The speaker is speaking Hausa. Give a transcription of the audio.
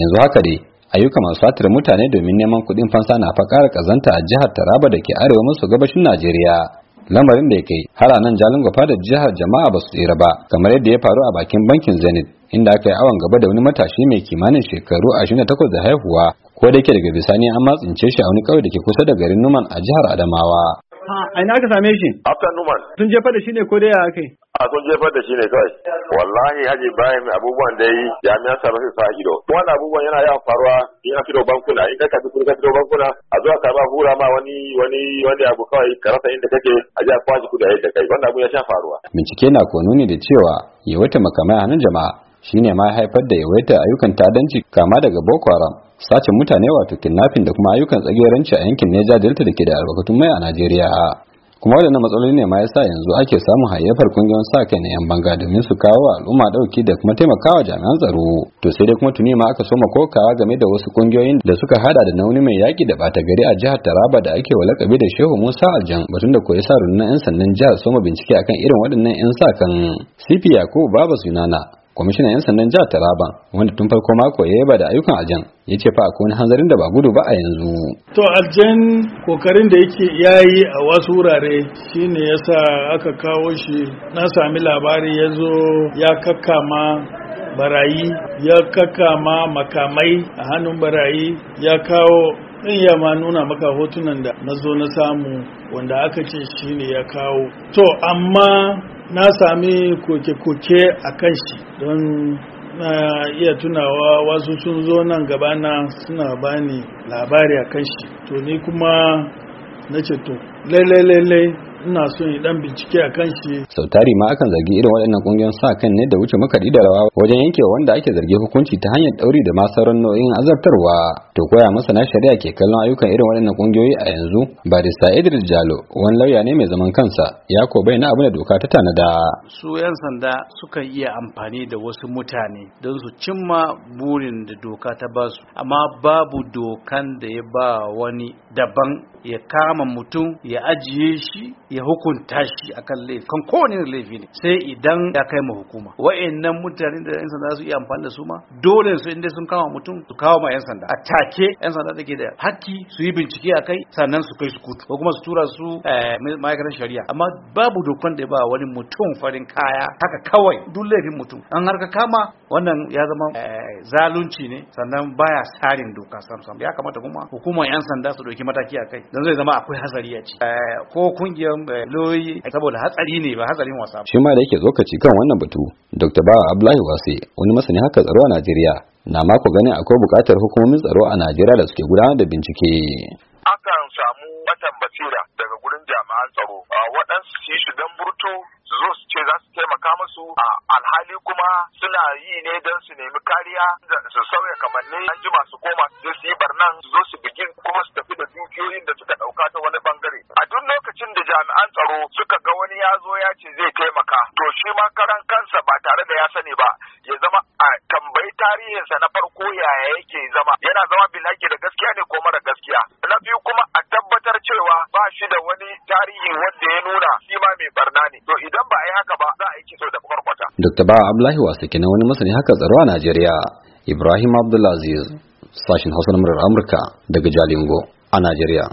yanzu haka dai ayyuka masu satar mutane domin neman kuɗin fansa na fa ƙara ƙazanta a jihar taraba da ke arewa masu gabashin najeriya lamarin da ya kai har a nan jalin gwafa da jihar jama'a ba su tsira ba kamar yadda ya faru a bakin bankin zenith inda aka yi awon gaba da wani matashi mai kimanin shekaru 28 da haihuwa ko da yake daga bisani an matsince shi a wani ƙauye da ke kusa da garin numan a jihar adamawa A ina aka same shi? After Numan. Sun jefa da shi ne ko dai ya kai? A sun jefa da shi ne kawai. Wallahi Haji Ibrahim abubuwan da yi jami'an tsaro su sa ido. Wannan abubuwan yana yawan faruwa in fito bankuna in ka kafi ka fito bankuna a zuwa ka ba hura ma wani wani wani abu kawai ka rasa inda kake a ji a kwashi kuɗi da kai wannan abu ya sha faruwa. Bincike na ko nuni da cewa yawaita makamai a hannun jama'a shine ma haifar da yawaita ayyukan ta'addanci kama daga Boko Haram sace mutane wato kidnapping da kuma ayyukan tsageranci a yankin Neja Delta da ke da albarkatun mai a Najeriya kuma waɗannan matsaloli ne ma ya sa yanzu ake samun hayyafar kungiyoyin sa kai na yan banga domin su kawo al'umma ɗauki da kuma taimakawa jami'an tsaro to sai dai kuma tuni ma aka soma kokawa game da wasu kungiyoyin da suka hada da nauni mai yaƙi da bata gari a jihar Taraba da ake wa lakabi da Shehu Musa Aljan batun da koyi sa rundunar 'yan sandan jihar soma bincike akan irin waɗannan 'yan sa kan Sifi Yakubu Baba Sunana kwamishinan 'yan sandan jihar taraba wanda tun farko mako ya yaba da ayyukan aljan ya ce fa akwai wani hanzarin da ba gudu ba a yanzu to aljan kokarin da yake yayi a wasu wurare shine yasa aka kawo shi na sami labari ya zo ya kakkama barayi ya kakkama makamai a hannun barayi ya kawo in ya ma nuna maka hotunan da na zo na samu wanda aka ce shi ne ya kawo to amma na sami koke-koke a kan shi don na iya tunawa wasu sun zo nan gabana suna bani labari a kan shi to ni kuma na ce to lailai ina so yi dan bincike a kan shi sautari ma akan zargi irin waɗannan kungiyoyin sa kan ne da wuce makaɗi da rawa wajen yankewa wanda ake zargi hukunci ta hanyar ɗauri da ma sauran nau'in azabtarwa to koya masana shari'a ke kallon ayyukan irin waɗannan kungiyoyi a yanzu barista Idris Jalo wani lauya ne mai zaman kansa ya ko bayyana abin da doka ta tanada su yan sanda suka iya amfani da wasu mutane don su cimma burin da doka ta ba su amma babu dokan da ya ba wani daban ya kama mutum ya ajiye shi ya hukunta shi akan laifi kan kowane laifi ne sai idan ya kai ma hukuma wa'annan mutane da yan sanda su iya amfani da su ma dole su inda sun kama mutum su kawo ma yan sanda a take yan sanda take da hakki su yi bincike a kai sannan su kai su kutu ko kuma su tura su eh, ma'aikatar shari'a amma babu dokan da ba wani mutum farin kaya haka kawai duk laifin mutum an harka kama wannan ya zama eh, zalunci ne sannan baya tsarin doka sam sam ya kamata kuma hukumar yan sanda su dauki mataki a kai don zai zama akwai hazari ya ci eh, ko kungiyar loyi hatsari ne ba shi ma da yake zokaci kan wannan batu dr bawa abdullahi wase wani masani haka tsaro a najeriya na mako ganin akwai buƙatar hukumomin tsaro a najeriya da suke gudanar da bincike akan samu watan basira daga gurin jami'an tsaro waɗansu su shi don burtu su zo su ce za su taimaka musu a alhali kuma suna yi ne don su nemi kariya su sauya kamanni an ji masu koma su je su yi barnan su zo su bugi kuma su tafi da jami'an tsaro suka ga wani ya zo ya ce zai taimaka to shi ma karan kansa ba tare da ya sani ba ya zama a tambayi tarihinsa na farko yaya yake zama yana zama bilaki da gaskiya ne ko mara gaskiya na biyu kuma a tabbatar cewa ba shi da wani tarihi wanda ya nuna shi ma mai barna ne to idan ba a yi haka ba za a yi kiso da kwarkwata. Dr. Ba Abdullahi Wasaki na wani masani haka tsaro a Najeriya Ibrahim Abdulaziz sashen Hausa na murar Amurka daga Jalingo a Najeriya.